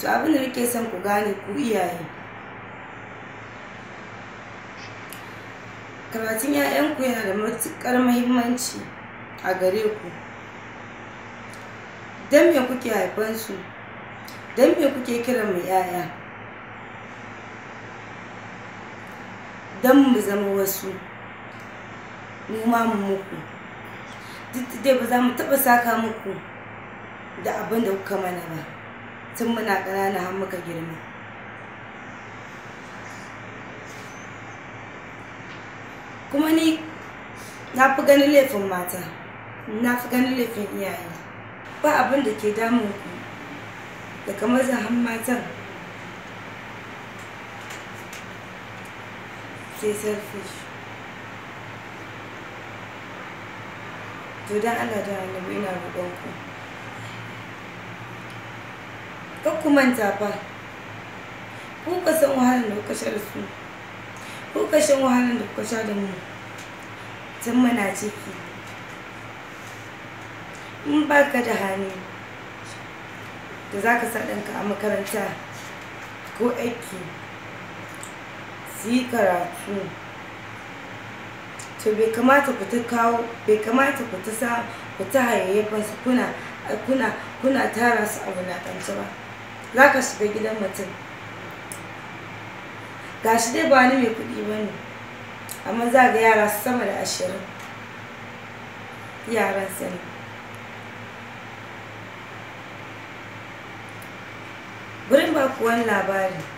to abin da nake son ku gane ku iyaye karatun 'ya'yanku yana da matuƙar mahimmanci a gare ku don me kuke haifansu don me kuke kiran mu 'ya'ya don mu zama wasu mu ma mu muku duk da ba za mu taɓa saka muku da abin da kuka mana ba tun muna ƙanana har muka girma kuma ni na fi ganin laifin mata na fi ganin laifin iyaye ba abin da ke damun ku da kamar zahan matan sai selfish to don allah da annabi ina roƙon ku Ka ku manta fa ku ka san wahalar da kuka sha da su ku ka san wahalar da kuka sha da mu tun muna ciki in ba ka da hannu da za ka sa ɗanka a makaranta ko aiki su yi karatu to bai kamata ku ta kawo bai kamata ku ta sa ku ta hayayyafansu kuna kuna kuna tara su a wulaƙance ba za ka shiga gidan mutum ga shi dai ba ni mai kuɗi ba ne amma za ga yara sama da ashirin yaran sani gurin ba kuwan labari